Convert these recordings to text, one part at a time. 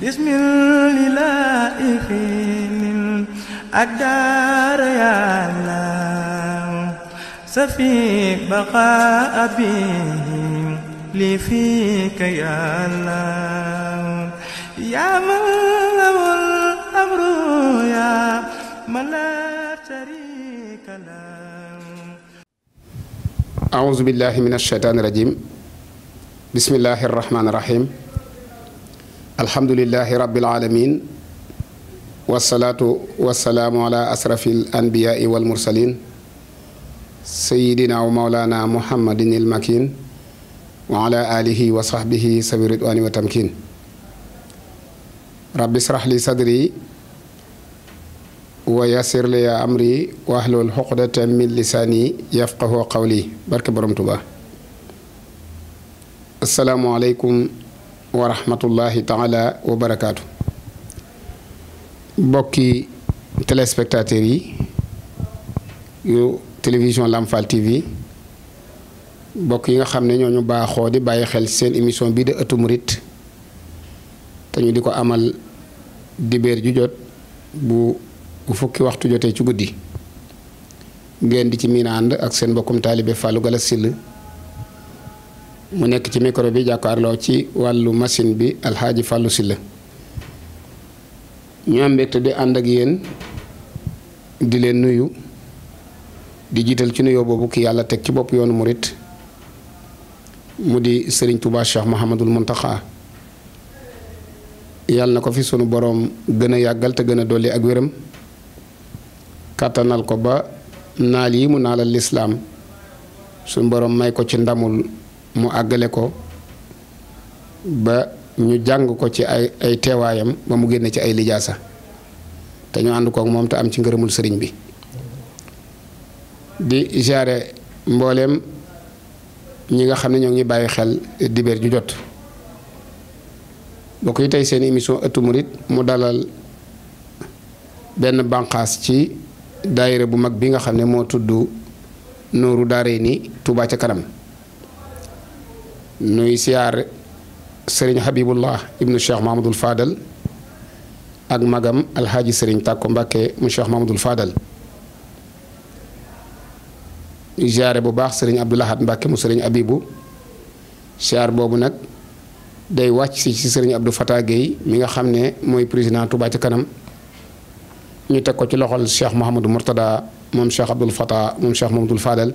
bismillahi fiinil أدار يا الله سفي بقاء أبيهم لي فيك يا الله يا من له الأمر يا من لا شريك له أعوذ بالله من الشيطان الرجيم بسم الله الرحمن الرحيم alhamdulilahi rabbil alamin wasalaatu wasalaamu ala asrafil anbiyaai wal mursalin sayidina wa maulana muhammadin il makin wa ala alihi wa sahbihi sabi ridwani wa tamkin rabbi israh li sadri wa yasir li ya amri wa ahlul xuqdatan min lisaani yafqahu qawli barke borom Tuubaa asalaamualeykum wa rahmatullahi taala wa barakaatu mbokki téléspectateurs yi yu télévision Lamfal TV mbokk yi nga xam ne ñooñu baaxoo di bàyyi xel seen émission bii de ëttu murit te di ko amal dibéer ju jot bu bu fukki waxtu jotee ci guddi ngeen di ci miin ànd ak seen mbokkum taalibe Fallou Galass Syll mu nekk ci micro bi jàkkaarloo ci wàllu machine bi alxaaji Fallou Sylla ñu am mbégte ànd ak yéen di leen nuyu di jiital ci nuyoo boobu ki yàlla teg ci bopp yoonu murit mu di sëriñ Touba Cheikh Mouhamadul Mountakha yàlla na ko fi sunu boroom gën a yàggal te gën a dolli ak wéram kàttanal ko ba naal yi mu naalal lislaam sunu boroom may ko ci ndamul mu àggale ko ba ñu jàng ko ci ay ay teewaayam ba mu génne ci ay lijaasa te ñu ànd kook moom te am ci ngërëmul sëriñ bi di jaare mbooleem ñi nga xam ne ñoo ngi bàyyi xel dibeer ju jot boo koy tey seen émission ëttu murit mu dalal benn banqaas ci daayira bu mag bi nga xam ne moo tudd nooru daare ni Touba ca kanam nuy siyaar sëriñ Habibullah ibnu Cheikh Mahamadul Fadal ak magam alxaaji sëriñ Tàkko Mbàkke mu Cheikh Mahamadul Fadal nuy bu baax sëriñ Abdul Ahad Mbàkke mu sëriñ Abibu siyaar boobu nag day wàcc si ci sëriñ Abdou Fatah Guèye mi nga xam ne mooy président Touba ci kanam ñu teg ko ci loxol Cheikh Mouhamadou Mourtada moom Cheikh Abdoul Fatah moom Cheikh Mamadou Fadal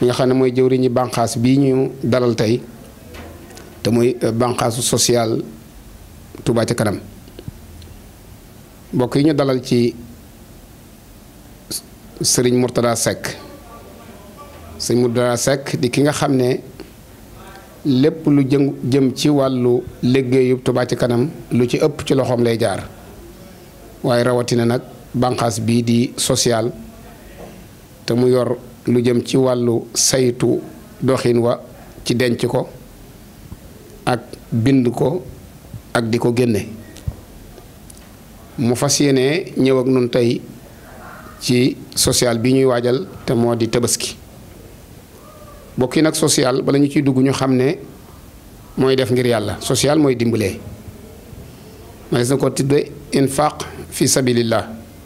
mi nga xam ne mooy jëwriñu bànqaas bii ñu dalal tey te muy euh, bànqaasu social Touba ci kanam mbokk yi ñu dalal ci sëriñ Mourtada Seck sëriñ Mourtada Seck di ki nga xam ne lépp lu jëm jëm ci wàllu liggéeyub Touba ci kanam lu ci ëpp ci loxoom lay jaar waaye rawatina nag banqaas bii di social te mu yor lu jëm ci wàllu saytu doxin wa ci denc ko ak bind ko ak di ko génne mu fas yéene ñëw ak nun tey ci social bi ñuy waajal te moo di tabaski bokki nag social bala ñu ciy dugg ñu xam ne mooy def ngir yàlla social mooy dimbalee ma ne na ko tudde infaq fi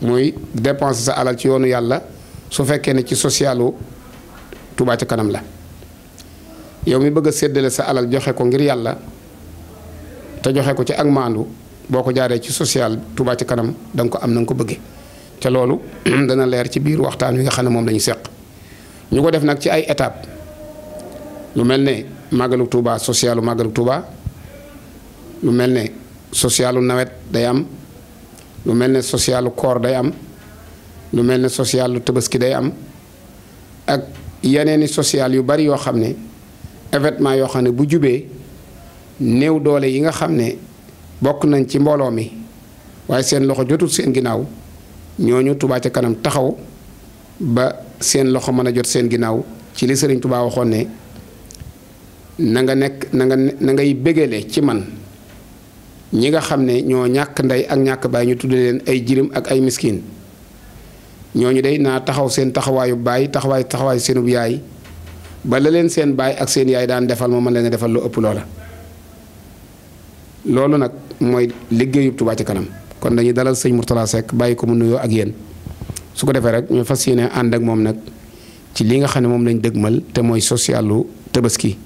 mooy dépense sa alal ci yoonu yàlla su fekkee ne ci socialu Touba ci kanam la yow mi bëgg a séddale sa alal joxe ko ngir yàlla te joxe ko ci ak maandu boo ko jaaree ci social Touba ci kanam da ko am na nga ko bëggee te loolu dana leer ci biir waxtaan wi nga xam ne moom la seq ñu ko def nag ci ay étape lu mel ne màggalu Touba socialu màggalu Touba lu mel ne socialu nawet day am lu mel ne socialu koor day am. lu mel ne social lu tabaski day am ak yeneeni social yu bari yoo xam ne événement yoo xam ne bu jubee néew doole yi nga xam ne bokk nañ ci mbooloo mi waaye seen loxo jotul seen ginnaaw ñoo ñu tubaa ca kanam taxaw ba seen loxo mën a jot seen ginnaaw ci li Sëriñ Touba waxoon ne na nga nekk na nga na ngay ci man ñi nga xam ne ñoo ñàkk ndey ak ñàkk baay ñu tudd leen ay jirim ak ay miskin ñooñu day naa taxaw seen taxawaayu baay taxawaay taxawaayu seenub yaay ba la leen seen baay ak seen yaay daan defal ma mën leen a defal lu ëpp loola. loolu nag mooy liggéeyub Touba ci kanam kon dañuy dalal sëñ Mourtala Seck bàyyi ko mu nuyoo ak yéen su ko defee rek ñu fas yéene ànd ak moom nag ci li nga xam ne moom lañ dëgmal te mooy socialu tabaski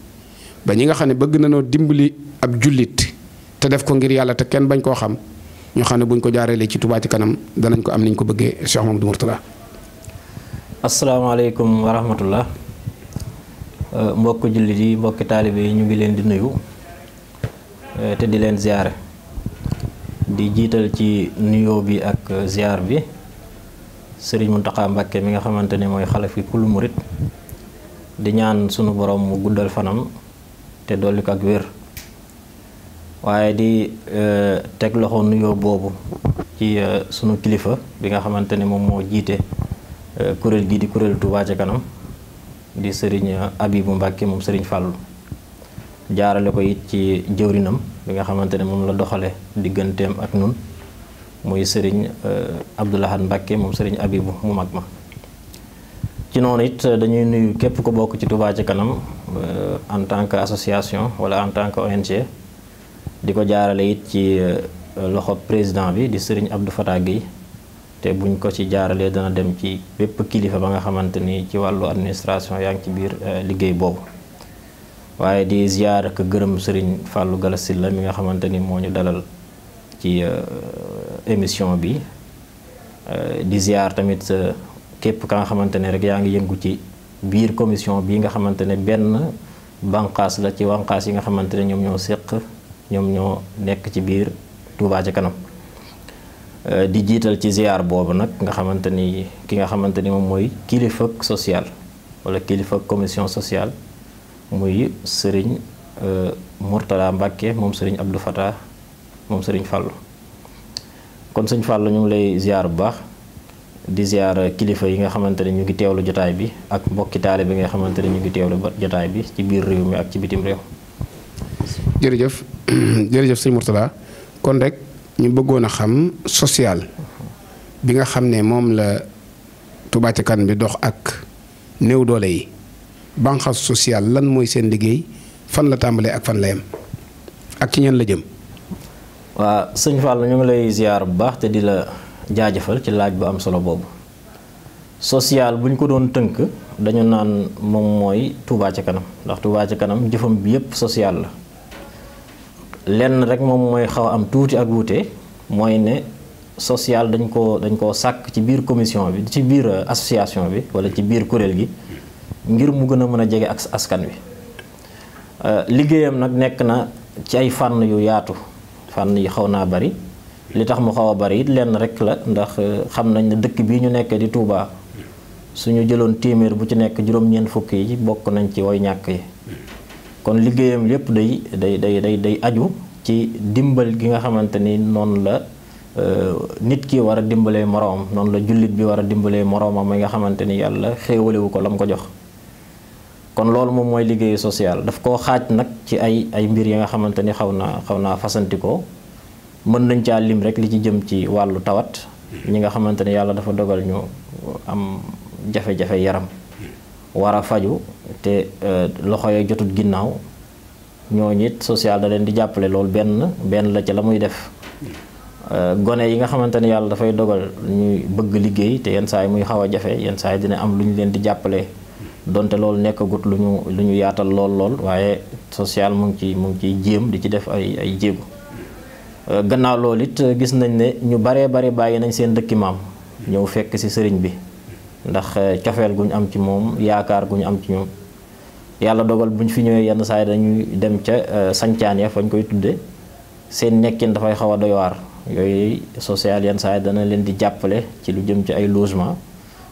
ba ñi nga xam ne bëgg nañoo dimbali ab jullit te def ko ngir yàlla te kenn bañ koo xam. ñu xam ne buñ ko jaareelee ci Touba kanam danañ ko am niñ ko bëggee Cheikh Mamadou Mourtala. asalaamaaleykum wa rahmatullah euh, mbokk jullit yi mbokki taalibe yi ñu ngi leen di nuyu euh, te di leen ziare di jiital ci nuyoo bi ak ziar bi sëriñ mu Mbacké mi nga xamante ni mooy xalif yi kullu murit di ñaan sunu borom mu guddal fanam te dolli ko ak wér. waaye di euh, teg loxo nuyoo boobu ci euh, sunu kilifa bi nga xamante ne moom moo jiite euh, kuréel gii di kuréel Touba ca kanam di sëriñ Abibu Mbàkke moom sëriñ Fàllu jaarale ko it ci jëwrinam bi nga xamante ne moom la doxale digganteem ak nun muy sëriñ Abdoulahad Mbàkke moom sëriñ Abibu mu mag ma ci noonu it dañuy nuyu képp ku bokk ci Touba ca kanam en tant que association wala en tant que ONG di ko jaarale it ci euh, loxo président bi di sëriñ Abdou Fatah Guèye te buñ ko ci jaaralee dana dem ci bépp kilifa ba nga xamante ni ci wàllu administration yaa ngi ci biir euh, liggéey boobu waaye di ziar ak gërëm sëriñ fàllu Galass Syll la mi nga xamante ni moo ñu dalal ci euh, émission bi di ziar tamit képp ka nga xamante ne rek yaa ngi yëngu ci biir commission bii nga xamante ne benn banqaas la ci banqaas yi nga xamante ne ñoom ñoo séq ñoom ñoo nekk ci biir Touba ca kanam euh, di jiital ci ziar boobu nag nga xamante ni ki nga xamante ni moom mooy kilifa social wala kilifa commission sociale muy sëriñ euh, Mourtala Mbacke moom sëriñ Abdou Fatah moom sëriñ Fallou kon sëñ Fallou ñu ngi lay ziar bu baax di ziar kilifa yi nga xamante ne ñu ngi teewlu jotaay bi ak mbokki taale bi nga xamante ne ñu ngi teewlu jotaay bi ci biir réew mi ak ci bitim réew. jërëjëf sëñ Mourtada kon rek ñu bëggoon a xam social bi nga xam ne moom la Touba Ca Kanam bi dox ak néew doole yi banqaas social lan mooy seen liggéey fan la tàmbalee ak fan la yem ak ci ñan la jëm. waa sëñ Fall ñu ngi lay ziar bu baax te di la jaajëfal ci laaj bu am solo boobu social bu ñu ko doon tënk dañu naan moom mooy Touba Ca Kanam ndax Touba Ca Kanam jëfam bi yépp social la. lenn rek moom mooy xaw am tuuti ak wuute mooy ne social dañ ko dañ koo sàkk ci biir commission bi ci biir euh, association bi wala ci biir kuréel gi ngir mu gën a mën a jege ak askan wi euh, liggéeyam nag nekk na ci ay fànn yu yaatu fànn yi xaw naa bari li tax mu xaw a bari it lenn rek la ndax euh, xam nañ ne dëkk bii ñu nekk di tuubaa suñu jëloon téeméer bu ci nekk juróom-ñeent fukk yi bokk nañ ci way ñàkk yi kon liggéeyam yépp day day day day day aju ci dimbal gi nga xamante ni noonu la euh, nit ki war a dimbalee moroomam noonu la jullit bi war a dimbalee moroomam mi nga xamante ni yàlla xéewalewu ko lam ko jox kon loolu moom mooy liggéeyu social daf koo xaaj nag ci ay ay mbir yi nga xamante ni xaw naa xaw naa fasantikoo mën nañ caa lim rek li ci jëm ci wàllu tawat ñi nga xamante ni yàlla dafa dogal ñu am jafe-jafe yaram war a faju te euh, loxo ya jotut ginnaaw ñoo it social da leen di jàppale lool benn benn la ci la muy def euh, gone yi nga xamante ne yàlla dafay dogal ñuy bëgg liggéey te yenn saa yi muy xaw a jafe yenn saa yi dina am lu ñu leen di jàppale donte loolu nekkagut lu ñu lu ñu yaatal lool lool waaye social mu ngi ci mu ngi ciy jéem di ci def ay ay jéego euh, gannaaw loolu it gis nañ ne ñu baree bari bàyyi nañ seen dëkki maam ñëw fekk ci sëriñ bi ndax eh, cofeel gu ñu am ci moom yaakaar gu ñu am ci ñoom yàlla dogal bu ñu fi ñëwee yenn saa dañuy dem ca eh, sancaan ya fañ koy tuddee seen nekkin dafay xaw a doy yooyu social yenn saa yi dana leen di jàppale ci lu jëm ci ay logement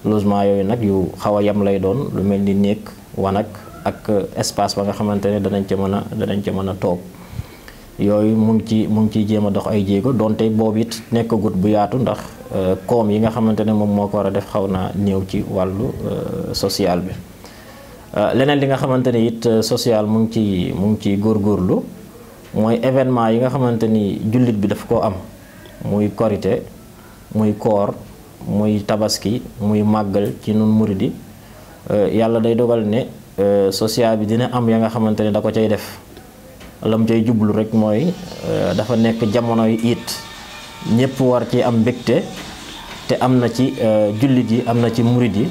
logement yooyu nag yu xaw a yem lay doon lu mel ni néeg wanag ak eh, espace ba nga xamante ne danañ ca mën a danañ ca mën a toog yooyu mu ngi ci mu ngi ciy jéem a dox ay jéego donte boobu it nekkagut bu yaatu ndax euh, koom yi nga xamante ne moom moo ko war a def xaw naa néew ci wàllu euh, sociale bi euh, leneen li nga xamante ne it sociale mu ngi ci mu ngi ciy góorgóorlu mooy événement yi nga xamante ni jullit bi daf koo am muy korite muy koor muy tabaski muy màggal ci nun muridi yàlla day dogal ne social bi dina am ya nga xamante ne da ko cay def lam cay jublu rek mooy euh, dafa nekk jamono yi it ñëpp war ci am mbégte te am na ci euh, jullit yi am na ci murit yi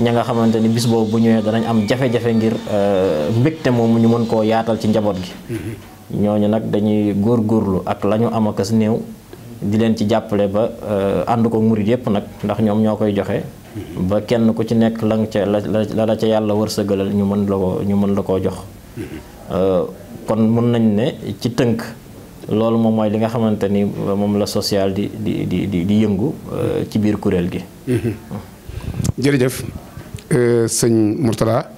ña nga xamante ni bis boobu bu ñëwee danañ am jafe-jafe ngir euh, mbégte moomu ñu mën koo yaatal ci njaboot gi mm-hmm. ñooñu nag dañuy góor góorlu ak la ñu am akas néew di leen ci jàppale ba ànd ko murit yépp nag ndax ñoom ñoo koy joxe mm-hmm. ba kenn ku ci nekk la nga ca la la ca yàlla wërsëgalal ñu mën la ko ñu mën la koo jox mm-hmm. kon mun nañ ne ci tënk loolu moom mooy li nga xamante ni moom la sociale di di di di yëngu euh, ci biir kuréel gi. Mm-hmm. jërëjëf euh, sëñ Mourtala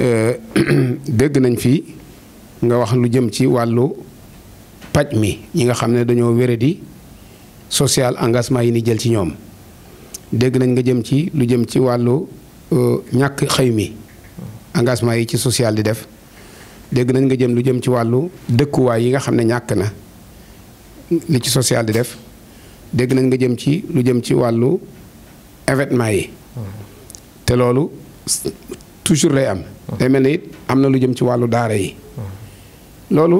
euh, dégg nañ fi nga wax lu jëm ci wàllu paj mi ñi nga xam ne dañoo wéradi social engagement yi ni jël ci ñoom dégg nañ nga jëm ci lu jëm ci wàllu ñàkk xëy mi engagement yi ci sociale di def. dégg nañ nga jëm lu jëm ci wàllu dëkkuwaay yi nga xam ne ñàkk na li ci social di def dégg nañ nga jëm ci lu jëm ci wàllu événement yi te loolu toujours lay am day mel ni it am na lu jëm ci wàllu daara yi loolu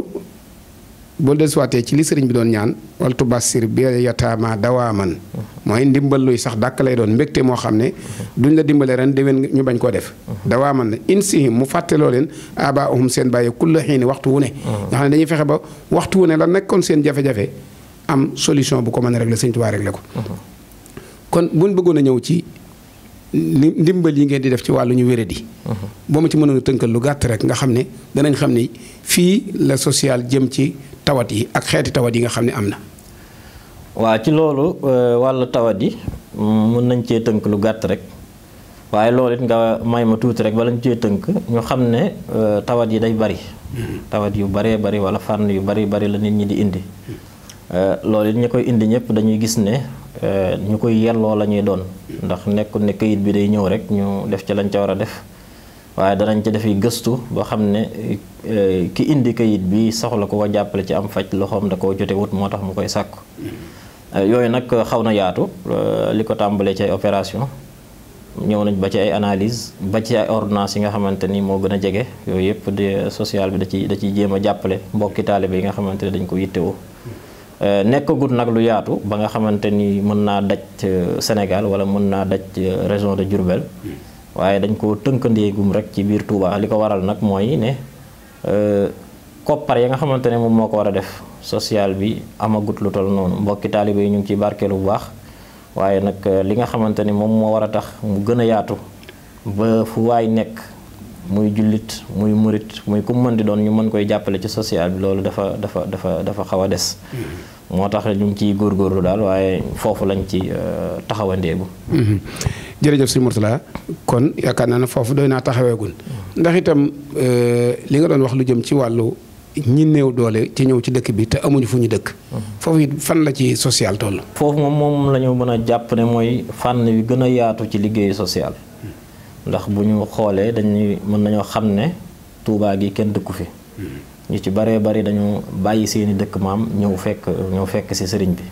boo dellusiwaatee ci li sëriñ bi doon ñaan wal tubassir bi yataama dawaaman mooy ndimbal luy sax dàq lay doon mbégte moo xam ne duñ la dimbale ren déwén ñu bañ koo def dawaaman la insihim mu fàtteloo leen abaahum seen bàyyi kulla xiini waxtu wu dañuy fexe ba waxtu wu ne la nekkoon seen jafe am solution bu ko mën a régler sëñ Tuubaa régler ko kon buñ bëggoon a ñëw ci ndimbal yi ngeen di def ci wàllu ñu wéradi boo ma ci mënoon a lu gàtt rek nga xam ne danañ xam ne fii la social jëm ci tawat yi ak xeeti tawat yi nga xam ne am na. waa ci loolu euh, wàllu tawat yi mm, mën nañ cee tënk lu gàtt rek waaye loolu nga may ma tuuti rek bala ñu cee tënk ñu xam ne euh, tawat yi day bari. Hmm. tawat yu baree bari wala fànn yu bari bari la nit ñi di indi. Euh, loolu it koy indi ñëpp dañuy gis ne ñu koy yelloo la ñuy doon hmm. ndax nekkul ne kayit bi day ñëw rek ñu def ci lañ ca war a def. waaye danañ ci defi gëstu ba xam ne eh, ki indi kayit bi soxla ko ko jàppale ci am faj loxoom da koo jote wut moo tax mu koy sàkku eh, yooyu nag xaw na yaatu eh, li ko tàmbalee ci ay opération ñëw nañ ba ci ay analyse ba ci ay yi nga xamante ni moo gën a jege yooyu yëpp de social bi da ci da ciy jéem a jàppale mbokki taalibe yi nga xamante ne dañ ko yittewoo nekkagut nag lu yaatu ba nga xamante ni mën naa daj Sénégal wala mën naa daj région de Diourbel waaye dañ ko tënkandeegum rek ci biir Touba li ko waral nag mooy ne euh, koppar ya nga xamante ne moom moo ko war a def social bi amagut lu toll noonu mbokki taalibe yi ñu ngi ciy barkeelu bu baax waaye nag euh, li nga xamante ne moom moo war a tax mu gën a yaatu ba fu waay nekk muy jullit muy murit muy ku mën di doon ñu mën koy jàppale ci social bi loolu dafa dafa dafa dafa xaw a des. Mm-hmm. moo tax ñu ngi ciy góorlu daal waaye foofu lañ ci euh, taxawandeegu. Mm-hmm. jërëjëf sëñ Mourtala kon yaakaar naa ne foofu doy naa taxaweegul ndax itam euh, li nga doon wax lu jëm ci wàllu ñi néew doole ci ñëw ci dëkk bi te amuñu fu ñu dëkk. Mm-hmm. foofu it fan la ci social toll. foofu moom moom la mën a jàpp ne mooy fànn bi gën a yaatu ci liggéeyu social ndax bu ñu xoolee dañuy mën nañoo xam ne Touba gi kenn dëkku fi. Mm-hmm. ñu ci baree bari dañu bàyyi seeni dëkk maam ñëw fekk ñëw fekk si sëriñ bi.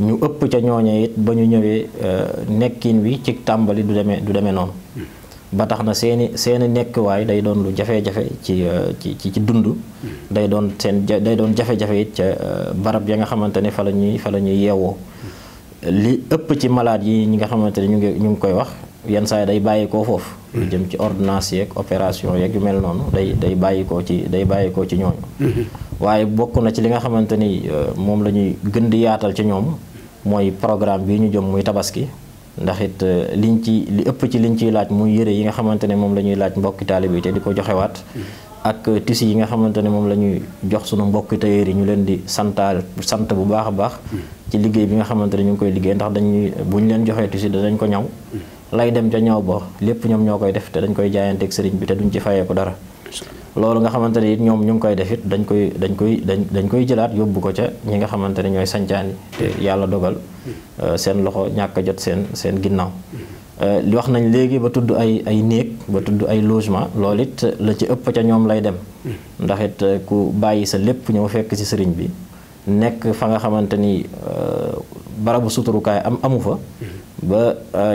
ñu ëpp ca ñooñe it ba ñu ñëwee euh, nekkin wi ci tàmbali du demee du demee noonu hmm. ba tax na seeni seeni nekkuwaay day doon lu jafe-jafe ci euh, ci ci dund hmm. day doon seen day doon jafe-jafe it ca euh, barab ya nga xamante ne fa la ñuy fa la ñuy yeewoo hmm. li ëpp ci malaat yi ñi xamante ne ñu ngi ñu ngi koy wax yenn saa yi day bàyyikoo foofu lu jëm ci ordonnance yeeg opération yeeg yu mel noonu day day bàyyikoo ci day bàyyikoo ci ñooñu waaye bokk na ci li nga xamante ni euh, moom la ñuy gën di yaatal ci ñoom mooy programme bii ñu jëm muy tabaski ndax it euh, liñ ci li ëpp ci liñ ciy laaj muy yëre yi nga xamante ne moom la ñuy laaj mbokki di ko joxewaat ak tissu yi nga xamante ne moom la ñuy jox sunu mbokki tailleur yi ñu leen di santaal sant bu baax a baax ci liggéey bi nga xamante ne ñu ngi koy liggéey ndax dañuy bu ñu leen joxee tissu danañ ko ñaw lay dem ca ñaw ba lépp ñoom ñoo koy def te dañ koy jaayanteeg sëriñ bi te duñ ci fayee ko dara loolu nga xamante ne it ñoom ñu ngi koy def dañ koy dañ koy dañ dañ koy jëlaat yóbbu ko ca ñi nga xamante ne ñooy sancaan yi yàlla dogal euh, seen loxo ñàkk jot seen seen ginnaaw euh, li wax nañ léegi ba tudd ay ay néeg ba tudd ay logement loolu it la ci ëpp ca ñoom lay dem ndax it euh, ku bàyyi sa lépp ñëw fekk ci sëriñ bi nekk fa nga xamante ni barabu suturukaay am amu fa ba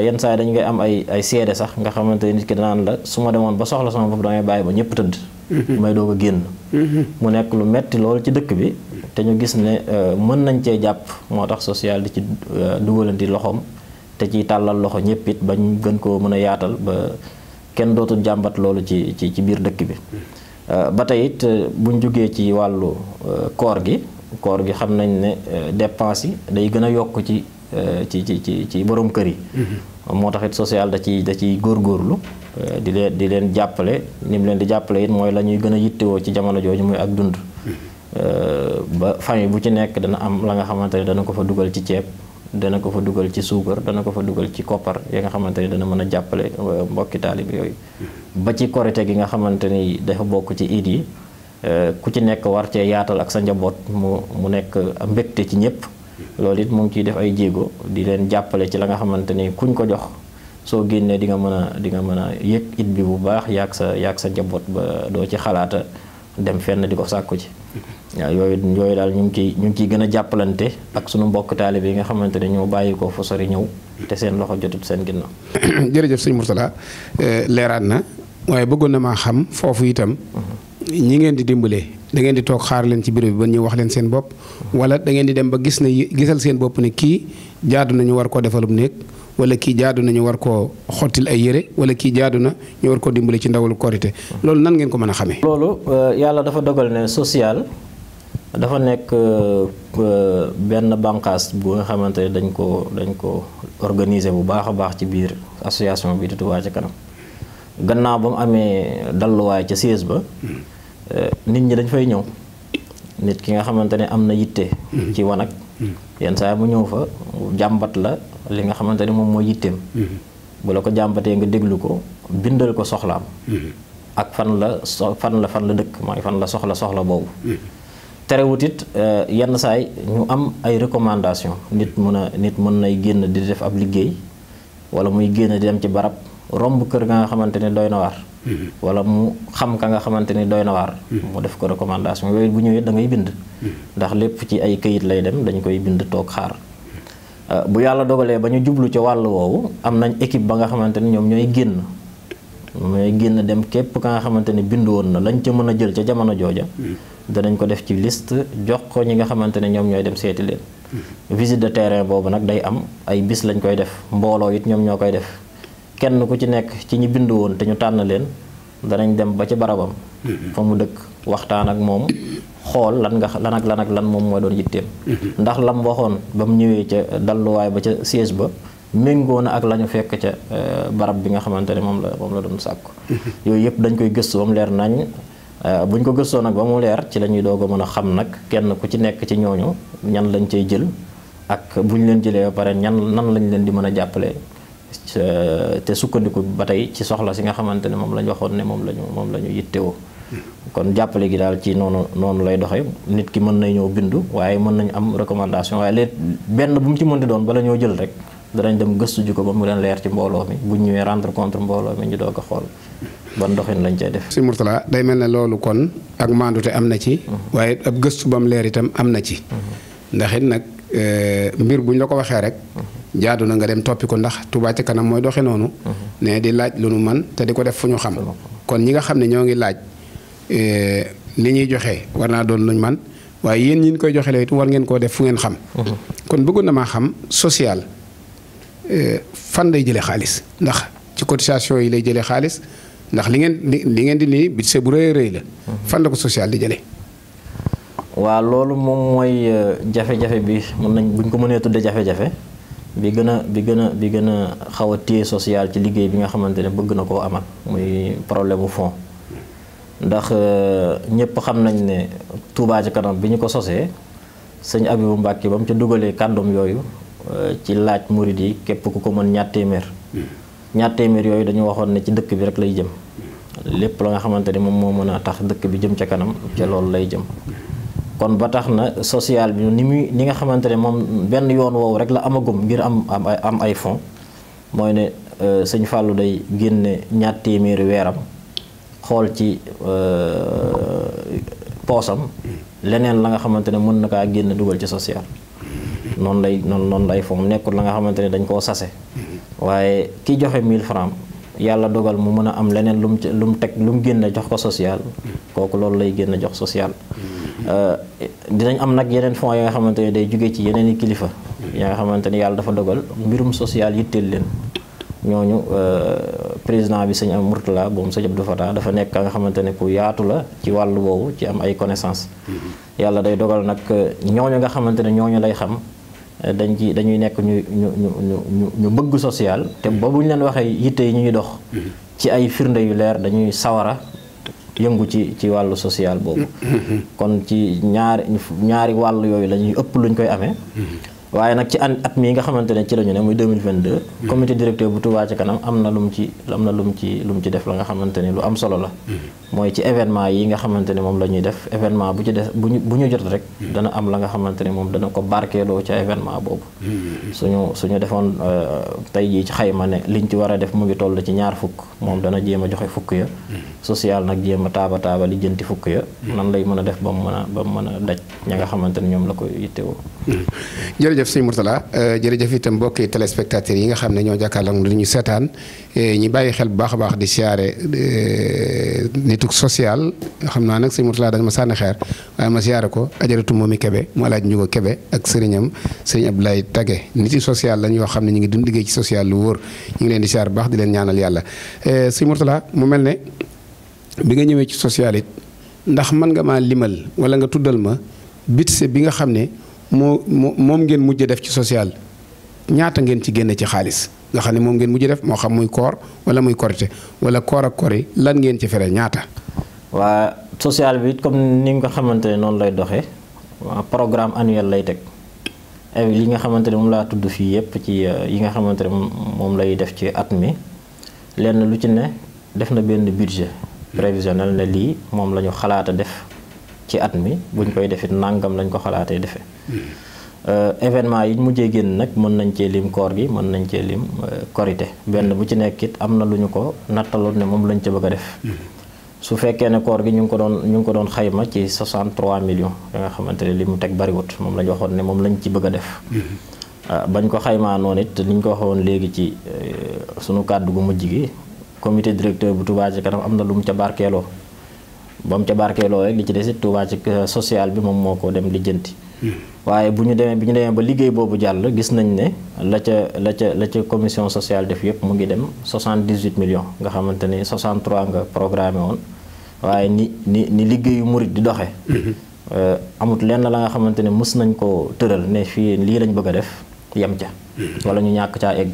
yenn saa yi dañ ngay am ay ay seede sax nga xamante nit ki danaan la su ma demoon ba soxla sama bopp bàyyi ba ñëpp tëdd may doo a génn mm-hmm. mu nekk lu metti lool ci dëkk bi te ñu gis ne euh, mën nañ cee jàpp moo tax sociale di ci euh, dugalanti loxoom te ciy tàllal loxo ñëpp it ba ñu gën koo mën a yaatal ba kenn dootul jàmbat loolu ci ci ci biir dëkk bi mm-hmm. euh, ba tey it buñ jógee ci wàllu koor gi koor gi xam nañ ne dépense yi day gën a yokk ci ci ci ci ci borom kër yi mm-hmm. moo tax it social da ciy da ciy góorgóorlu Euh, di leen di leen jàppale ni leen di jàppale it mooy la ñuy gën a yittewoo ci jamono jooju mooy ak dund. Euh, ba famille bu ci nekk dana am la nga xamante ne dana ko fa dugal ci ceeb dana ko fa dugal ci suukar dana ko fa dugal ci koppar yi nga xamante ni dana mën a jàppale euh, mbokki taalib yooyu. ba ci korite gi nga xamante ni dafa bokk ci iid yi ku ci nekk war cee yaatal ak sa njaboot mu mu nekk mbégte ci ñëpp. loolu it mu ngi ciy def ay jéego di leen jàppale ci la nga xamante ni kuñ ko jox. soo génnee di nga mën a dinga mën a yëg it bi bu baax yaag sa yaag sa njaboot ba doo ci xalaata dem fenn di ko sàkku ci waaw yooyu yooyu daal ñu ngi ciy ñu ngi ciy gën a jàppalante ak suñu mbokk taalibe yi nga xamante ne ñoo bàyyi ko fa sori ñëw te seen loxo jotut seen ginnaaw. jërëjëf sëñ Mourtala eh, leeraat na waaye bëggoon na maa xam foofu itam. Mhm. ñi ngeen di dimbalee da ngeen di toog xaar leen ci bureau bi ba ñu wax leen seen bopp wala da ngeen di dem ba gis ne gisal seen bopp ne kii jaadu nañu war koo defalum néeg wala kii jaadu na ñu war koo xottil ay yére wala kii jaadu na ñu war ko dimbali ci ndawul korité loolu nan ngeen ko mën a xamee. loolu euh, yàlla dafa dogal ne social dafa nekk euh, benn banqaas bu nga xamante ne dañ ko dañ ko organiser bu baax a baax ci biir association bi di Touba ca kanam gannaaw ba mu amee dalluwaay ca siège ba. Hmm. Eh, nit ñi dañ fay ñëw nit ki nga xamante ne am na yitte. Mm-hmm. ci wanag. Mm-hmm. yenn saa mu ñëw fa jàmbat la li nga xamante ne moom mooy yitteem. Mm-hmm. bu la ko jàmbatee nga déglu ko bindal ko soxlaam. ak fan la so fan la fan la dëkk mooy fan la soxla soxla boobu. terewut it eh, yenn saay ñu am ay recommandation nit mën a nit mën nay génn di def ab liggéey wala muy génn di dem ci barab romb kër ga nga xamante ne doy na waar. Mm-hmm. wala mu xam ka nga xamante ni doy na waar mm-hmm. mu def ko recommandation yooyu bu ñëwee da ngay bind mm-hmm. ndax lépp ci ay këyit lay dem dañ koy bind toog xaar euh, bu yàlla dogalee ba ñu jublu ca wàll woowu am nañ équipe ba nga xamante ni ñoom ñooy génn mooy génn dem képp ka nga xamante ni bind woon na lañ ca mën a jël ca jamono jooja danañ ko def ci list jox ko ñi nga xamante ne ñoom ñooy dem seeti leen visite de terrain boobu nag day am ay bis lañ koy def mbooloo it ñoom ñoo koy def kenn ku ci nekk ci ñi bind woon te ñu tànn leen danañ dem ba ci barabam mm-hmm. fa mu dëkk waxtaan ak moom xool lan nga lan ak lan ak lan moom mooy doon yitteem mm-hmm. ndax lam waxoon ba mu ñëwee ca dalluwaay ba ca siège ba méngoo na ak la ñu fekk ca euh, barab bi nga xamante ne moom la moom doon sàkku mm-hmm. yooyu yëpp dañ koy gëstu ba mu leer nañ euh, bu ñu ko gëstoon nag ba mu leer ci la ñuy doog a mën a xam nag kenn ku ci nekk ci ñooñu ñan lañ cay jël ak bu ñu leen jëlee ba pare ñan nan lañ leen di mën a jàppale te sukkandiku ba tey ci soxla si nga xamante ne moom la waxoon ne moom la ñu moom la ñu yittewoo kon jàppale gi daal ci noonu noonu lay doxee nit ki mën na ñoo bindu waaye mën nañu am recommandation waaye benn bu mu ci mën di doon bala ñoo jël rek danañ dem gëstu ji ko ba mu leen leer ci mbooloo mi bu ñëwee rendre compte mbooloo mi ñu doog a xool ban doxin lañ cay def. si Mourtala day mel ne loolu kon ak te am na ci. Mm-hmm. waaye ab gëstu ba mu leer itam am na ci. Mm-hmm. ndax it nag euh, mbir buñ la ko waxee rek. Mm-hmm. jaadu na nga dem toppi ko ndax Touba ca kanam mooy doxe noonu mhm. ne di laaj lu nu man te di ko def fu ñu xam kon ñi nga xam ne ñoo ngi laaj eh, ni ñuy joxe war naa doon luñ man waaye yéen ñi koy joxe war ngeen koo def fu ngeen xam mhm. kon bëggoon na xam social eh, fan lay jëlee xaalis ndax ci cotisation yi lay jëlee xaalis ndax li ngeen li ngeen di nii budget bu rëy rëy la mhm. fan la ko social di jëlee waaw loolu moom mooy eh, jafe-jafe bi mën nañ buñ ko mënee tudde jafe-jafe bi gën a bi gën a bi gën a xaw a téye social ci liggéey bi nga xamante ne bëgg na koo amal muy problème mu fond ndax euh, ñëpp xam nañ ne Touba ci kanam bi ñu ko sosee sëñ Abibu Mbàkke ba mu ca dugalee kàddoom yooyu euh, ci laaj murid yi képp ku ko mën ñaar téeméer ñaar téeméer yooyu dañu waxoon ne ci dëkk bi rek lay jëm lépp la nga xamante ne moom moo mën a tax dëkk bi jëm ca kanam ca loolu lay jëm kon ba tax na social bi ni muy ni nga xamante ne moom benn yoon woowu rek la amagum ngir am am am ay fonds mooy ne euh, sëñ fàllu day génne ñaar téeméeri weeram xool ci euh, poosam leneen la nga xamante ne mën na kaa génn dugal ci social noonu lay noonu noonu lay fonds nekkul la nga xamante ne dañ koo sase waaye ki joxe 1000 francs yàlla dogal mu mën a am leneen lu mu lu mu teg lu mu génne jox ko social kooku loolu lay génn jox social Euh, dinañ am nag yeneen fonds yi nga xamante ne day jóge ci yeneen i kilifa. ya nga xamante ne yàlla dafa dogal mbirum social yitteel leen ñooñu euh, président bi sëñ am Mourtala moom sëñ Abdou Fatah dafa nekk a nga xamante ne ku yaatu la ci wàllu woowu ci am ay connaissance mm-hmm. yàlla day dogal nag euh, ñooñu nga xamante ne ñooñu lay xam dañ ci dañuy nekk ñu ñu ñu ñu ñu bëgg social te ba bu ñu leen waxee yitte yi ñuy dox mm-hmm. ci ay firnde yu leer dañuy sawara yëngu ci ci wàllu sociale boobu mm-hmm. kon ci ñaari ñaari wàll yooyu la ëpp luñ koy amee mm-hmm. waaye nag ci an at mii nga xamante ne ci la ñu ne muy 2022. Hmm. comité directeur bu Touba ci kanam am na lum ci am na lum ci lum ci def la nga xamante ne lu am solo la. Hmm. mooy ci événement yi nga xamante ne moom la ñuy def événement bu ci des bu ñu jot rek. Hmm. dana am la nga xamante ne moom dana ko barkeeloo ca événement boobu. suñu suñu defoon euh, tey jii ci xayma ne liñ ci war a def mu ngi toll ci ñaar fukk moom dana jéem a joxe fukk ya. social nag jéem a taaba taaba li jënti fukk ya. nan lay mën a def ba mu mën a ba mu mën a daj ña nga xamante ne ñoom la koy woo jërëjëf sëñ Mourtala euh, jërëjëf itam mbokki téléspectateurs yi nga xam ne ñoo jàkkaarloo lu ñu seetaan euh, ñi bàyyi xel bu baax a baax di siyaare euh, nituk social xam naa nag sëñ Mourtala dañ ma sànni xeer waaye ma siyaare ko ajaratu moomi Kebe mu alaaj Njugo Kebe ak sëriñam sëriñ Abdoulaye nit niti social lañ yoo xam ne ñu ngi dund liggéey ci social lu wóor ñu ngi leen di siyaar bu baax di leen ñaanal yàlla sëñ mu mel ne bi nga ñëwee ci social it ndax mën nga maa limal nga xam ne moo moom ngeen mujj def ci social ñaata ngeen ci génne ci xaalis nga xam ne moom ngeen mujj def moo xam muy koor wala muy korite wala koor ak kori lan ngeen ci fere ñaata. waa social bi comme ni nga xamante ne noonu lay doxee programme annuel lay teg ay li nga xamante ne moom laa tudd fii yépp ci euh, yi nga xamante ne moom lay def ci at mi lenn lu ci ne def na benn budget prévisionnel ne lii moom lañu ñu xalaata def. ci at mi buñ koy defit nàngam lañ ko xalaatee defee hmm. euh, événement yi mujjee génn nag mën nañ cee lim koor gi mën nañ cee lim euh, korite benn bu ci nekk it am na lu ñu ko nattaloon ne moom lañ ca bëgg a def hmm. su fekkee ne koor gi ñu ngi ko doon ñu ngi ko doon xayma ci 63 millions da nga xamante ne li mu teg bariwut moom lañ waxoon ne moom lañ ci bëgg a def hmm. euh, bañ ko xaymaa noonu it li ñu ko waxoon léegi ci sunu kàddu gu mujj gi comité directeur bu Touba Ca Kanam am na lu mu ca barkeeloo ba mu ca barkeeloo rek li ci desit Touba ci social bi moom moo ko dem lijjanti. waaye bu ñu demee bi ñu demee ba liggéey boobu jàll gis nañ ne la ca la ca la ca commission sociale def yëpp mu ngi dem 78 million nga xamante ni 63 nga programmé woon waaye ni ni ni liggéeyu murit di doxee. Mm-hmm. Euh, amut lenn la nga xamante ne mës nañ ko tëral ne fii lii lañ bëgg a def yem ca. Mm-hmm. wala ñu ñàkk caa egg.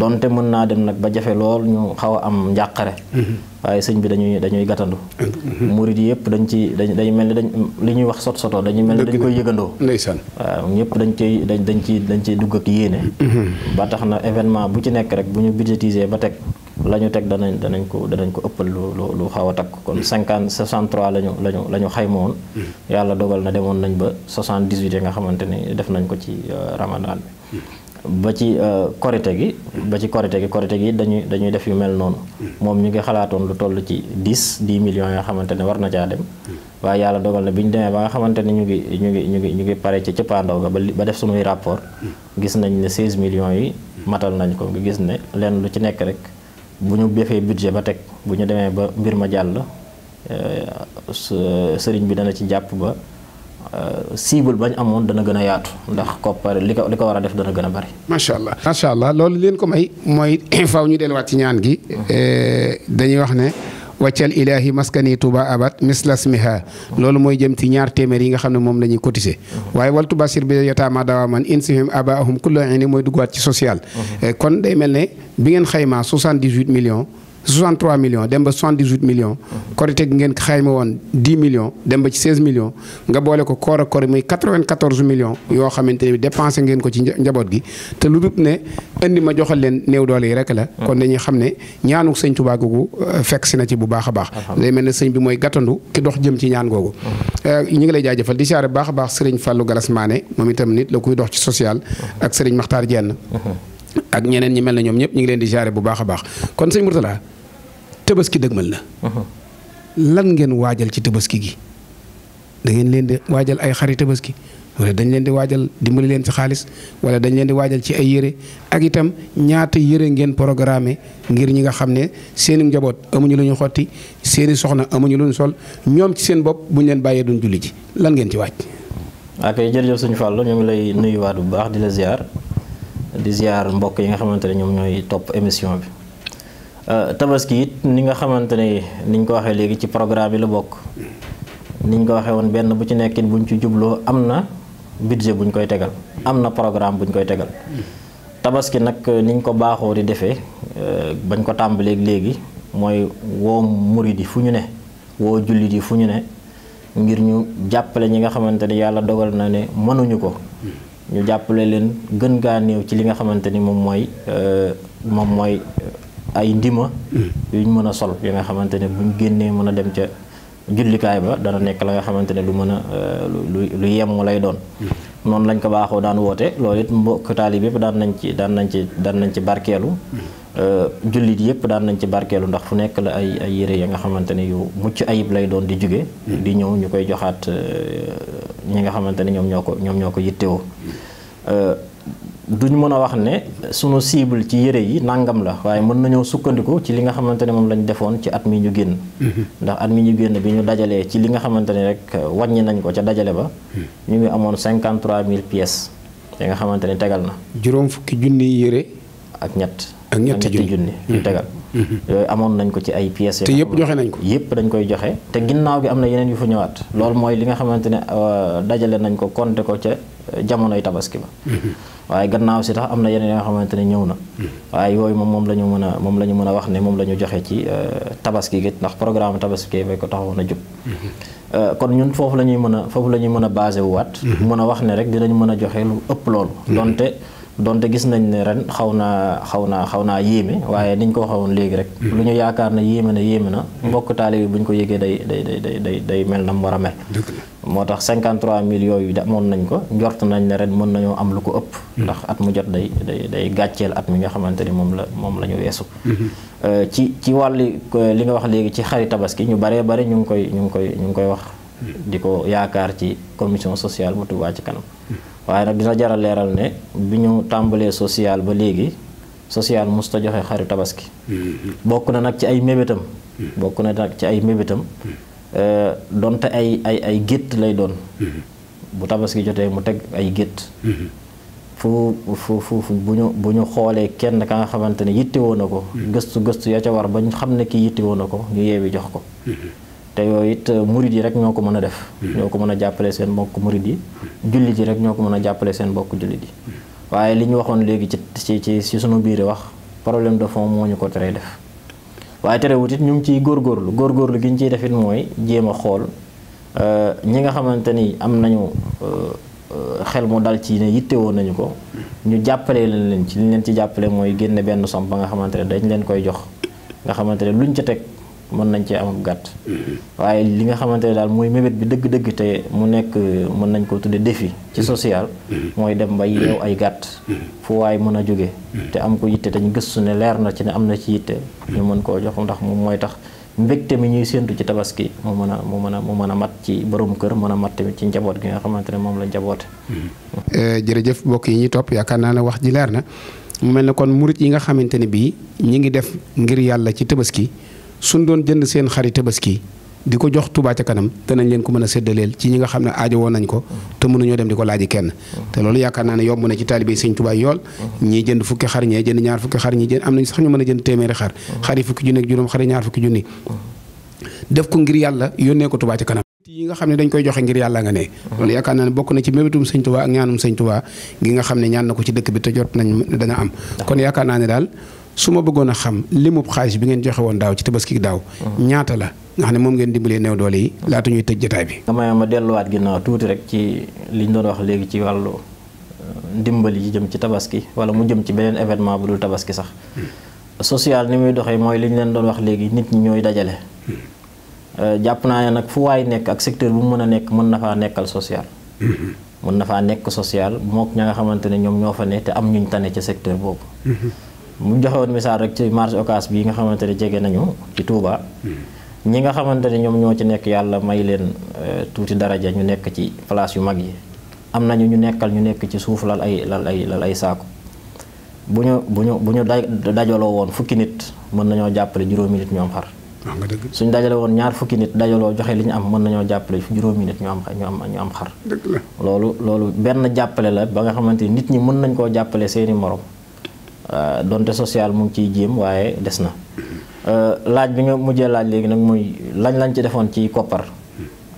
donte mën naa dem nag ba jafe lool ñu xaw a am njàqare mhm. waaye sëñ bi dañuy dañuy gàttandu mhm. murid yëpp dañ ci dañ dañ mel ni dañ li ñuy wax sot soto dañuy mel ni dañ koy yëgandoo ndeysaan waaw ñëpp dañ ciy dañ dañ ci dañ ciy dugg ak yéene mhm. ba tax na événement bu ci nekk rek bu ñu budgétiser ba teg la ñu teg danañ danañ ko danañ ko ëppal lu lu lu xaw a takk kon cinquante soixante trois la lañu la xayma woon yàlla dogal na demoon nañ ba soixante dix huit yi nga xamante ni def nañ ko ci euh, ramadan bi ba ci euh, korite gi ba ci korite gi korite gi dañuy dañuy def yu mel noonu moom ñu ngi xalaatoon lu toll ci 10 10 million yoo xamante ne war na caa dem waaye yàlla dogal na bi ñu demee ba nga xamante ne ñu ngi ñu ngi ñu ngi ñu ngi pare ci cëppaandaw ga ba def sunuy rapport gis nañ ne 16 millions yi matal nañ ko nga gis ne lenn lu ci nekk rek bu ñu defee budget ba teg bu ñu demee ba mbir ma jàll euh, sëriñ bi dana ci jàpp ba Euh, cible bañ amoon dana gën a yaatu ndax koppar li ko li ko war a def dana gën a bari. macha allah macha allah loolu leen ko may mooy faaw ñu delluwaat ci ñaan gi. Mm-hmm. Eh, dañuy wax ne. waccal ilaahi maskani tuba abat mislas miha loolu mooy jëm ci ñaar téeméer yi nga xam ne moom la ñuy cotiser mm-hmm. waaye waltu basir bi yataama dawaa man insihim abaahum kullu ini mooy duggaat ci social mm-hmm. eh, kon day mel ne bi ngeen xaymaa 78 millions 63 millions dem ba 78 millions. korite gi ngeen xayma woon 10 millions dem ba ci 16 nga boole ko koor ak koor muy 94 millions yoo xamante ne dépensé ngeen ko ci njaboot gi te lu dul ne indi ma joxal leen néew doole yi rek la. kon dañuy xam ne ñaanu sëñ Tuubaa googu euh, fekk si na ci bu baax a baax. day mel ne sëñ bi mooy gàttandu ki dox jëm ci ñaan googu. Euh, ñu ngi lay jaajëfal di siyaare bu baax a baax Serigne Fallou Galas Mané moom itam nit la kuy dox ci social. ak Serigne Makhtar Diène. ak ñeneen ñi mel na ñoom ñëpp ñu ngi leen di siyaare bu baax a baax kon sëñ Mourtala tabaski dëgmal na. Uh-huh. lan ngeen waajal ci tabaski gi dangeen leen di waajal ay xari tabaski wala dañ leen di waajal dimbali leen ci xaalis wala dañ leen di waajal ci ay yére ak itam ñaata yére ngeen programme ngir ñi nga xam ne seeni njaboot amuñu lu ñu xotti seeni soxna amuñu lu sol ñoom ci seen bopp buñ leen bàyyee duñ julli ji lan ngeen ci waaj. ok jërëjëf suñu Fallou ñu ngi lay nuyuwaat bu baax di la ziar di ziar mbokk yi nga xamante ne ñoom bi. Euh, tabaski it ni nga xamante ne niñ ko waxee léegi ci programme yi la bokk niñ ko waxee woon benn bu ci nekkin buñ ci jubloo am na budget buñ koy tegal am na programme buñ koy tegal tabaski nag euh, niñ ko baaxoo di defee euh, bañ ko tàmbaleek léegi mooy woo murid di fu ñu ne woo jullit yi fu ñu ne ngir ñu jàppale ñi nga xamante ni yàlla dogal na ne mënuñu ko ñu jàppale leen gën gaa néew ci li nga xamante ni moom mooy moom mooy ay ndima hmm. yuñ mën a sol yi nga xamante ne buñ génnee mën a dem ca jullikaay ba dana nekk la nga xamante ne lu mën a lu yemm lay doon hmm. noonu lañ ko baaxoo daan woote loolu it mbokk taalib yëpp daan nañ ci daan nañ ci daan nañ ci barkeelu hmm. euh, jullit yëpp daan nañ ci barkeelu ndax fu nekk la ay ay yére ya nga xamante ne yu mucc ayib lay doon di jóge di ñëw ñu koy joxaat euh, ñi nga xamante ne ñoom ñoo ko ñoom ñoo ko yittewoo euh, duñ mën a wax ne sunu cible ci yére yi nangam la waaye mën nañoo sukkandiku ci li nga xamante ne moom lañ defoon ci at mi ñu génn. Mhm. ndax at mi ñu génn bi ñu dajalee ci li nga xamante ne rek euh, wàññi nañ ko ca dajale ba. Mhm. ñu ngi amoon mille pièces yi nga xamante ne tegal na. juróom fukki junni yére. ak ñett ak ñetti junni yu tegal. yooyu amoon nañ ko ci ay pièces. te yëpp joxe nañ ko yëpp dañ koy joxe. te ginnaaw bi am na yeneen yu fa ñëwaat. loolu mooy li nga xamante ne euh, dajale nañ ko compter ko ca euh, jamonoy tabaski ba. Mm-hmm. waaye gannaaw si tax am na yeneen yi nga xamante ne ñëw na. Mm-hmm. waaye yooyu moom moom la ñu mën a moom la ñu mën a wax ne moom la ñu joxe ci euh, tabaski gi ndax programme tabaski bi ko taxawoon a jub. Mm-hmm. kon ñun foofu la ñuy mën a foofu la ñuy mën a basé wu waat. mën a wax ne rek dinañ mën a joxe lu ëpp loolu. donte gis nañ ne ren xaw naa xaw naa xaw naa yéeme waaye niñ ko waxoon léegi rek. Hmm. lu ñu yaakaar na yéeme na yéeme na. Hmm. mbokk taalibe bi bu ñu ko yëgee day day day day day mel na mu war a mel. moo tax 53 millions yooyu moom nañ ko njort nañ ne ren mën nañoo am lu ko ëpp. Hmm. ndax at mu jot day day day gàcceel at mi nga xamante ni moom la moom la ñu weesu. Euh, ci ci wàlli euh, li nga wax léegi ci xari tabaski ñu baree bari ñu ngi koy ñu ngi koy ñu ngi koy wax. di ko yaakaar ci commission sociale bu ci kanam. waaye nag dina jaral leeral ne bi ñu tàmbalee social ba léegi social musta joxee xaru tabaski mm-hmm. bokk na nag ci ay mébétam mm-hmm. bokk na nag ci ay mébétam mm-hmm. euh, donte ay ay ay gétt lay doon bu tabaski jotee mu teg ay gétt fu fu fu bu ñu xoolee kenn ka nga xamante ne yittewoo na ko gëstu gëstu ya ca war ba xam ne kii woon na ko ñu yeewi jox ko te yooyu it euh, murid yi rek ñoo ko mën a def. Hmm. ñoo ko mën a jàppale seen mbokk murid yi. Hmm. jullit yi rek ñoo ko mën a jàppale seen mbokk jullit yi. Hmm. waaye li ñu waxoon léegi ci ci ci sunu biir wax problème de fond moo ñu ko teree def waaye terewut it ñu ngi ciy góorgóorlu góorgóorlu gi ñu ciy def it mooy jéem a xool euh, ñi nga xamante ni am nañu euh, xel mu dal ci ne yittewoon nañu ko ñu jàppalee leen leen ci li leen ci jàppale mooy génne benn som ba nga xamante ne dañ leen koy jox nga xamante ne luñ ca teg. mën nañ cee amab gàtt. Mm-hmm. waaye li nga xamante ne daal mooy mébét bi dëgg-dëgg te mu nekk mën nañ koo tuddee défi ci mm-hmm. social. Mm-hmm. mooy dem ba yeew ay gàtt. fu waay mën a jóge te am ko yitte dañu gëstu ne leer na ci ne am na ci yitte. ñu mën koo jox ndax moom mooy tax mbégte mi ñuy séentu ci tabaski mu mën a mu mën a mu mën a mat ci borom kër mën a mat ci njaboot gi nga xamante ne moom la njaboote. Eh, jërëjëf mbokk yi ñuy topp yaakaar naa ne wax ji leer na mu mel ne kon murit yi nga xamante ne bii ñi ngi def ngir yàlla ci tabaski suñ doon jënd seen xari tabaski di ko jox Touba ca kanam danañ leen ko mën a séddaleel ci ñi nga xam ne aajo woon nañ ko te mënuñoo dem di ko laaji kenn te loolu yaakaar naa ne na ci taalibé sëñ Touba yool ñii jënd fukki xar ñee jënd ñaar fukki xar ñii jënd am nañ a jënd téeméeri xar xar yi fukki junni ak juróom xar yi ñaar fukki junni def yi nga xam ne dañ koy joxe ngir yàlla nga ne loolu yaakaar naa ne bokk na ci mébétum sëñ Touba ak ñaanum sëñ Touba gi nga xam ne ñaan na ko ci dëkk bi te jot nañ dana am kon yaakaar naa ne daal su ma bëggoon a xam limub xaalis bi ngeen joxewoon daaw ci tabaski daaw. Mm-hmm. ñaata la nga xam ne moom ngeen dimbalee new doole yi laata ñuy tëj jotaay bi. nga may ma delluwaat ginnaaw tuuti rek ci liñ doon wax léegi ci wàllu euh, ndimbali yi jëm ci tabaski wala mu jëm ci beneen événement bu dul tabaski sax. Mm-hmm. social ni muy doxee mooy li leen doon wax léegi nit ñi ñooy dajale. Mm-hmm. Euh, jàpp naa ne nag fu waay nekk ak secteur bu mu mën a nekk mën na faa nekkal social. mën na faa nekk social mook ña nga xamante ne ñoom ñoo fa ne te am ñuñ tane ca secteur boobu. mu joxewoon misaal rek ci marché ocas bi nga xamante ne jege nañu ci Touba. Hmm. ñi nga xamante ne ñoom ñoo ci nekk yàlla may leen euh, tuuti daraja ñu nekk ci place yu mag yi am nañu ñu nekkal ñu nekk ci suuf lal ay lal ay lal ay saako bu ñu bu ñu bu ñu dajaloo woon fukki nit mën nañoo jàppale juróomi nit ñu am xar. Ah, suñ dajale woon ñaar fukki nit dajaloo joxe li ñu am mën nañoo jàppale juróomi nit ñu am ñu am ñu am xar. loolu loolu benn jàppale la ba nga xamante ni nit ñi mën nañ koo jàppale seeni morom. Euh, donte social mu ngi ciy jéem waaye des na euh, laaj bi nga mujjee laaj léegi nag muy lañ lañ ci defoon ci koppar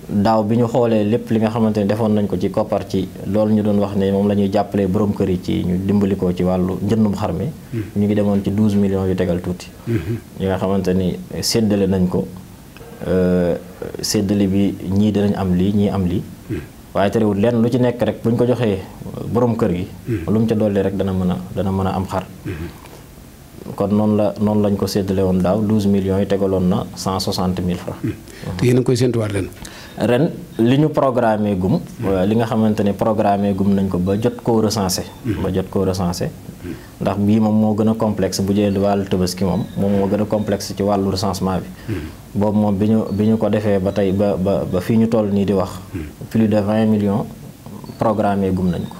daaw bi ñu xoolee lépp li nga xamante ne defoon nañ ko ci koppar ci loolu ñu doon wax ne moom la ñuy jàppalee borom kër yi ci ñu dimbali ko ci wàllu njëndum xar mi. Hmm. ñu ngi demoon ci 12 millions yu tegal tuuti. Hmm. yi nga xamante ni séddale nañ ko euh, séddale bi ñii dinañ am lii ñii am lii. Hmm. waaye terewul lenn lu ci nekk rek bu ñu ko joxee borom kër gi hmm. lu mu ca dolli rek dana mën a dana mën a am xar hmm. kon noonu la noonu lañ ko séddale woon daaw 12 millions yi tegaloon na cent 160 mille francs. Hmm. te yéen a ngi koy séntuwaat ren. ren li ñu programmé gum. Hmm. Euh, li nga xamante ne programmé gum nañ ko ba jot koo recensé. Hmm. ba jot koo recensé. ndax bii moom moo gën a complexe bu jëlee wàllu tabaski moom moom moo gën a complexe ci wàllu recensement bi. boobu moom bi ñu bi ñu ko defee ba tey ba ba ba fii ñu toll nii di wax. plus de vingt millions programmé gum nañ ko.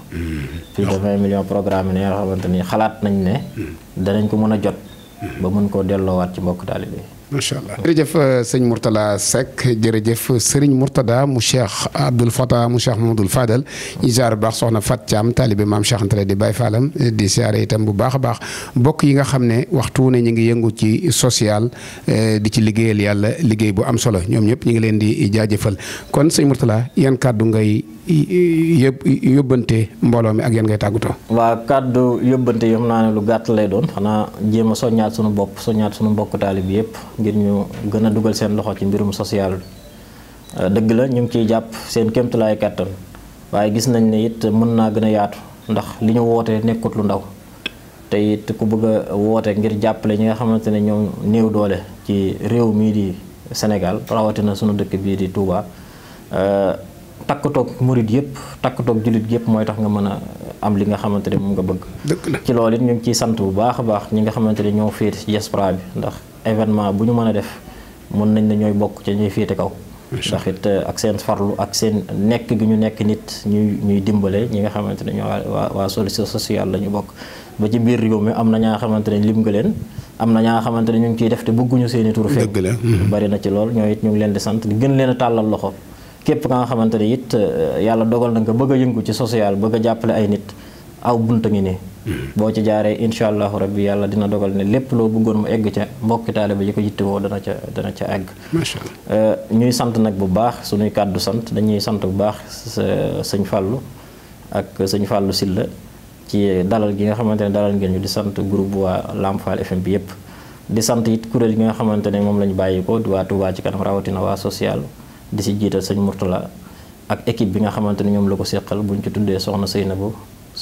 plus de vingt millions programme yi nga xamante ni xalaat nañ ne hmm. danañ ko mën a jot hmm. ba mën koo delloowaat ci mbokk bi macha allah jërëjëf euh, sëñ Mourtala Seck jërëjëf sëriñ Mourtada mu Cheikh Abdoul Fata mu Cheikh Mamadou Fadal ñu jaar baax soxna Fat Thiam taalibe maam Cheikh Anta di Baye Fallam di siyaare itam bu baax a baax mbokk yi nga xam ne waxtu ne ñu ngi yëngu ci social euh, di ci liggéeyal yàlla liggéey bu am solo ñoom ñëpp ñu ngi leen di jaajëfal kon sëñ Mourtala yan kàddu ngay euh, yëb yóbbante mbooloo mi ak yan ngay tàggatoo. waa kàddu yóbbante yi naa ne lu gàtt lay doon xanaa jéem a soññaat sunu bopp soññaat sunu ngir ñu gën a dugal seen loxo ci mbirum social euh, dëgg la ñu ngi ciy jàpp seen kéemtulaay kàttan waaye gis nañ ne it mën naa gën a yaatu ndax li ñu wootee nekkut lu ndaw te it ku bëgg a woote ngir jàppale ñi nga xamante ne ñoom néew doole ci réew mii di Sénégal rawatina sunu dëkk bii di Touba euh, takkatoog murit yëpp takkatoog jullit yëpp mooy tax nga mën a am li nga xamante ne moom nga bëgg. dëgg ci loolu it ñu ciy sant bu baax baax ñi nga xamante ñoo féet ci bi ndax. événement bu ñu mën a def mën nañ ne ñooy bokk ca ñuy féete kaw. ndax euh, ak seen farlu ak seen nekk gi ñu nekk nit ñuy ñuy dimbale ñi nga xamante ne ñoo waa waa solution sociale la ñu bokk. ba ci biir réew mi am na ñaa xamante ne lim nga leen am na ñaa xamante ne ñu ngi ciy def te bëgguñu seen i tur. dëgg la mhm. bari na ci lool ñoo it ñu ngi leen di sant di gën leen a tàllal loxo. képp ka nga xamante ne it euh, yàlla dogal na nga bëgg a yëngu ci social bëgg jàppale ay nit aw bunt a ngi nii. boo ci jaaree incha allahu rabbi yàlla dina dogal ne lépp loo bëggoon mu egg ca mbokki taaliba yi ko yittewoo dana ca dana ca egg euh, ñuy sant nag bu baax su suñuy kàddu sant dañuy sant bu baax sa sëñ fàllu ak sëñ Fallou Silla ci dalal gi nga xamante ne dalal ngeen ñu di sant groupe waa Lamfal FM bi yépp di sant it kuréel gi nga xamante ne moom lañ bàyyi ko waa Touba ci kanam rawatina waa social di si jiital sëñ Mourtala ak équipe bi nga xamante ne ñoom la ko seqal buñ ci tuddee soxna Seynabou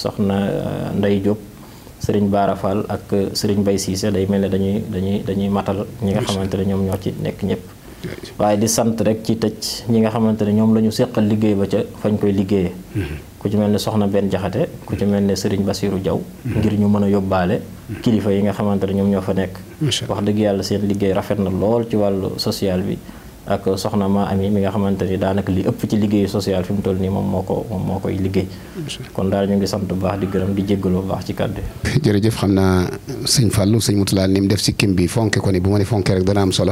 soxna euh, Ndey Diop sëriñ Baara Fall ak sëriñ Bay Siise day mel ne dañuy dañuy dañuy matal ñi nga xamante ne ñoom ñoo ci nekk ñëpp waaye di sant rek ci tëj ñi nga xamante ne ñoom la ñu séqal liggéey ba ca fañ koy liggéeyee ku ci mel ne soxna benn jaxate ku ci mel ne sëriñ Basiiru Jaw ngir ñu mën a yóbbaale kilifa yi nga xamante ne ñoom ñoo fa nekk wax dëgg yàlla seen liggéey rafet na lool ci wàllu social bi ak soxna maa ami mi nga xamante ni daanaka li ëpp ci liggéeyu social fi mu toll nii moom moo ko moom moo koy liggéey. kon daal ñu ngi sant bu baax di gërëm di jéggalu bu baax ci kàddu yi. jërëjëf xam naa sëñ Fallou sëñ Moutala ni mu def si kim bi fonke ko ni bu ma ne rek dana am solo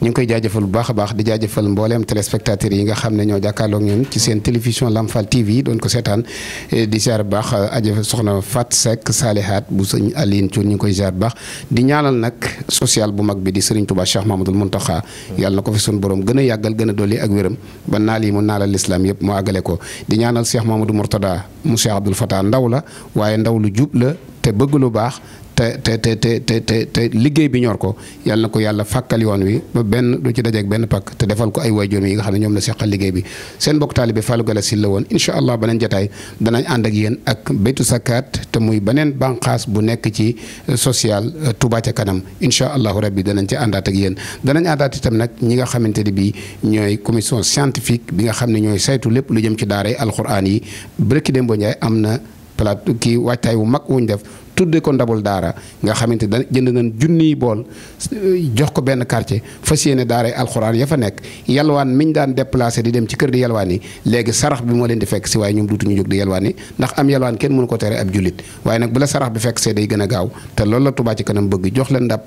ñu ngi koy jaajëfal bu baax a baax di jaajëfal mbooleem téléspectateurs yi nga xam ne ñoo jàkkaarloog ñun ci seen télévision Lamfal TV doon ko seetaan eh, di ziar bu baax eh, ajëf soxna Fat Seck Salihat bu sëñ Aline Thioune ñu ngi koy ziar baax di ñaanal nag social bu mag bi di Serigne Touba Cheikh Mamadou Mountakha mm-hmm. yàlla na ko fi sun borom gën a yàggal gën a dolli ak wéram ba naal yi mu naalal lislaam yëpp mu àggale ko di ñaanal Cheikh Mamadou Mourtada mu Cheikh Abdoul Fatah ndaw la waaye ndaw lu jub la te bëgg lu baax te te te te te te te liggéey bi ñor ko yàlla na ko yàlla fàkkal yoon wi ba benn du ci dajeeg benn pakk te defal ko ay waajuram yi nga xam ne ñoom la seqal liggéey bi seen mbokk taalibe Fallou Galass Syll la woon incha allah beneen jotaay danañ ànd ak yéen ak Baytu Sakaat te muy beneen banqaas bu nekk ci euh, social euh, Touba ca kanam incha allahu rabbi danañ ci àndaat ak yéen danañ àndaat itam nag ñi nga xamante ni bii ñooy commission scientifique bi nga xam ne ñooy saytu lépp lu jëm ci daaray alquran yi bërki démb Njaay am na plate kii waajtaay wu mag wuñ def tudde ko ndabul daara nga xamante da jënd nañ junniy bool euh, jox ko benn quartier fas yéene daaray alxuraan ya fa nekk yalwaan miñ daan déplacé di dem ci kër di yalwaan yi léegi sarax bi moo leen di fekk si waaye ñoom duutuñu jóg di yalwaan yi ndax am yalwaan kenn mënu ko tere ab jullit waaye nag bu la sarax bi fekk see gën a gaaw te loolu la Touba ci kanam bëgg jox leen ndab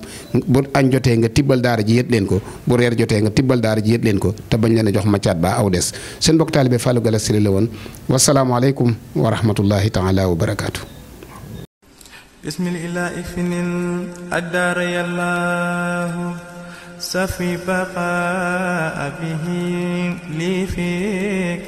bu añ jotee nga tibbal daara ji yët leen ko bu reer jotee nga tibbal daara ji yët leen ko te bañ leen jox maccaat ba aw des seen bokk taalibe Fallou Galass Syll la woon wasalaamualeykum wa rahmatullahi taala wa barakaatu بسم الإله فن الدار يا الله سفي بقاء به لي فيك